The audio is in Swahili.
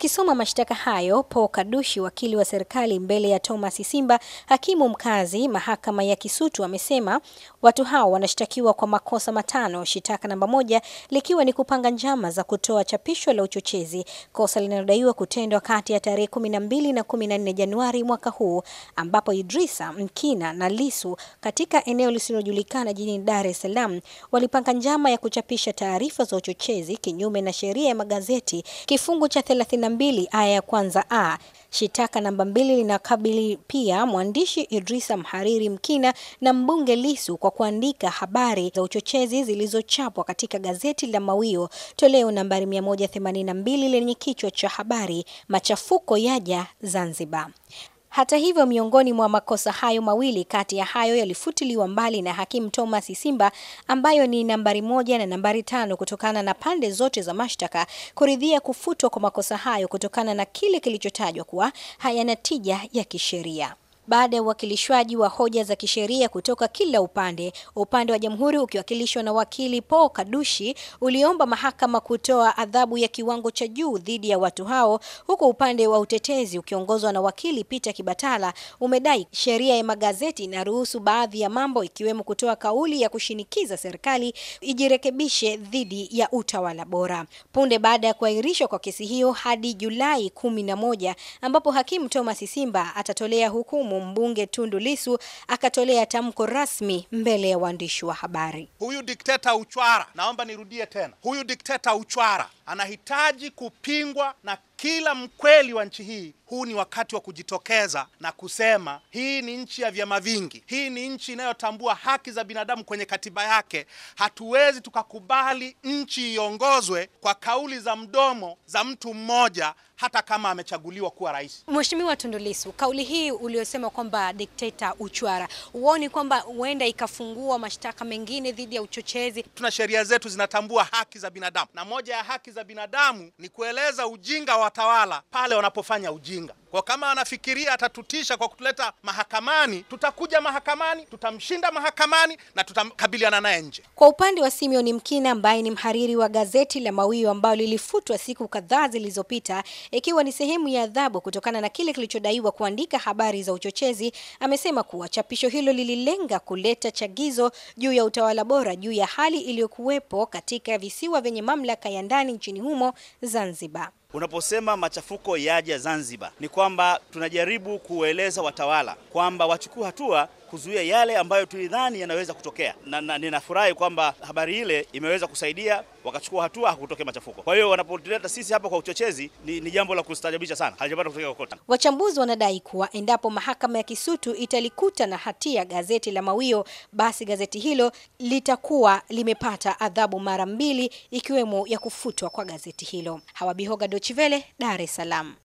Akisoma mashtaka hayo, Paul Kadushi, wakili wa serikali mbele ya Thomas Simba, hakimu mkazi mahakama ya Kisutu, amesema watu hao wanashtakiwa kwa makosa matano, shitaka namba moja likiwa ni kupanga njama za kutoa chapisho la uchochezi, kosa linalodaiwa kutendwa kati ya tarehe 12 na 14 Januari mwaka huu, ambapo Idrisa Mkina na Lisu katika eneo lisilojulikana jijini Dar es Salaam walipanga njama ya kuchapisha taarifa za uchochezi kinyume na sheria ya magazeti kifungu cha 30 12 aya ya kwanza a. Shitaka namba mbili linakabili pia mwandishi Idrisa Mhariri Mkina na mbunge Lisu kwa kuandika habari za uchochezi zilizochapwa katika gazeti la Mawio toleo nambari 182 lenye kichwa cha habari machafuko yaja Zanzibar. Hata hivyo, miongoni mwa makosa hayo mawili kati ya hayo yalifutiliwa mbali na Hakimu Thomas Isimba ambayo ni nambari moja na nambari tano kutokana na pande zote za mashtaka kuridhia kufutwa kwa makosa hayo kutokana na kile kilichotajwa kuwa hayana tija ya kisheria baada ya uwakilishwaji wa hoja za kisheria kutoka kila upande, upande wa jamhuri ukiwakilishwa na wakili Paul Kadushi uliomba mahakama kutoa adhabu ya kiwango cha juu dhidi ya watu hao, huku upande wa utetezi ukiongozwa na wakili Peter Kibatala umedai sheria ya magazeti inaruhusu baadhi ya mambo ikiwemo kutoa kauli ya kushinikiza serikali ijirekebishe dhidi ya utawala bora. Punde baada ya kuahirishwa kwa kesi hiyo hadi Julai kumi na moja ambapo hakimu Thomas Simba atatolea hukumu mbunge Tundu Lisu akatolea tamko rasmi mbele ya waandishi wa habari. Huyu dikteta uchwara, naomba nirudie tena, huyu dikteta uchwara anahitaji kupingwa na kila mkweli wa nchi hii, huu ni wakati wa kujitokeza na kusema hii ni nchi ya vyama vingi, hii ni nchi inayotambua haki za binadamu kwenye katiba yake. Hatuwezi tukakubali nchi iongozwe kwa kauli za mdomo za mtu mmoja, hata kama amechaguliwa kuwa rais. Mheshimiwa Tundu Lissu, kauli hii uliosema kwamba dikteta uchwara, huoni kwamba huenda ikafungua mashtaka mengine dhidi ya uchochezi? Tuna sheria zetu zinatambua haki za binadamu, na moja ya haki za binadamu ni kueleza ujinga wa watawala pale wanapofanya ujinga. Kwa kama anafikiria atatutisha kwa kutuleta mahakamani, tutakuja mahakamani, tutamshinda mahakamani na tutakabiliana naye nje. Kwa upande wa Simeon Mkina ambaye ni mhariri wa gazeti la Mawio ambayo lilifutwa siku kadhaa zilizopita, ikiwa ni sehemu ya adhabu kutokana na kile kilichodaiwa kuandika habari za uchochezi, amesema kuwa chapisho hilo lililenga kuleta chagizo juu ya utawala bora juu ya hali iliyokuwepo katika visiwa vyenye mamlaka ya ndani nchini humo Zanzibar. Unaposema machafuko yaja Zanzibar, ni kwamba tunajaribu kueleza watawala kwamba wachukue hatua kuzuia yale ambayo tulidhani yanaweza kutokea, na, na ninafurahi kwamba habari ile imeweza kusaidia wakachukua hatua, hakutokea machafuko. Kwa hiyo wanapotuleta sisi hapa kwa uchochezi ni, ni jambo la kustajabisha sana, halijapata kutokea kokote. Wachambuzi wanadai kuwa endapo mahakama ya Kisutu italikuta na hatia gazeti la Mawio, basi gazeti hilo litakuwa limepata adhabu mara mbili, ikiwemo ya kufutwa kwa gazeti hilo. Hawabihoga, Dochivele, Dar es Salaam.